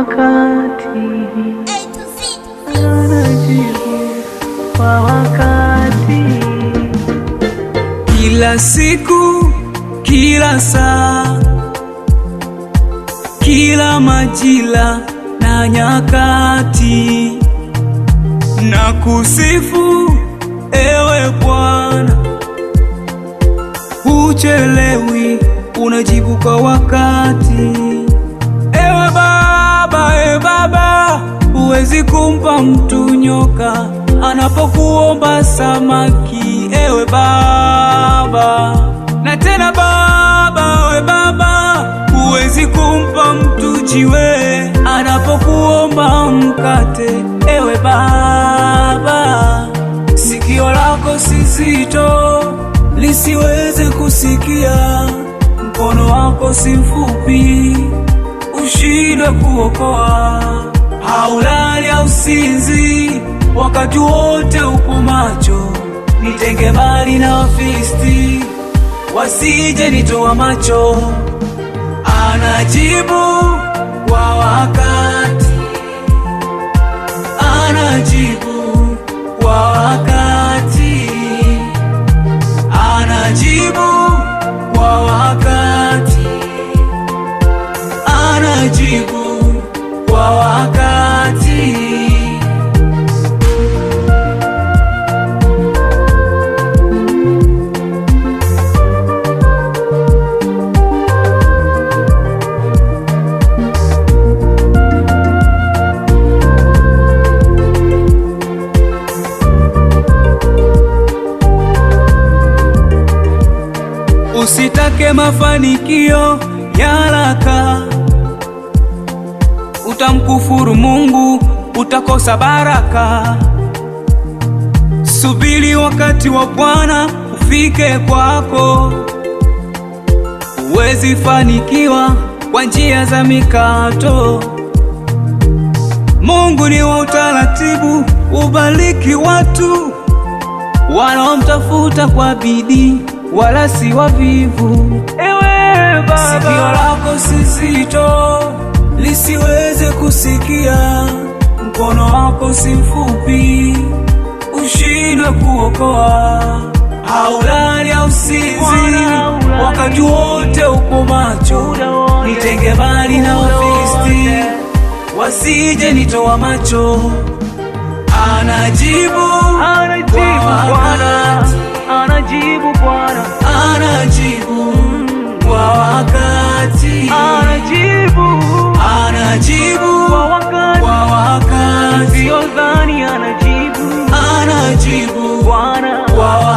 wakati kwa wakati, kila siku, kila saa, kila majira na nyakati, na kusifu ewe Bwana, huchelewi, unajibu kwa wakati hawezi kumpa mtu nyoka anapokuomba samaki, ewe Baba. Na tena Baba, we Baba, huwezi kumpa mtu jiwe anapokuomba mkate, ewe Baba. Sikio lako si zito lisiweze kusikia, mkono wako si mfupi ushindwe kuokoa usinzi, wakati wote upo macho, nitenge mbali na wafisti, wasije nitoa macho. Anajibu kwa wakati, anajibu kwa wakati, anajibu kwa wakati, anajibu kwa wakati. Usitake mafanikio ya haraka, utamkufuru Mungu, utakosa baraka. Subiri wakati wa Bwana ufike kwako. uwezi fanikiwa kwa njia za mikato. Mungu ni wa utaratibu, ubariki watu wanaomtafuta kwa bidii wala si wavivu. Ewe Baba, sikio lako si zito lisiweze kusikia, mkono wako si mfupi ushindwe kuokoa. Haulali sizi, wakati wote uko macho. Nitenge mbali na Wafilisti, wasije nitoa macho. Anajibu, anajibu Bwana, anajibu Wana Wana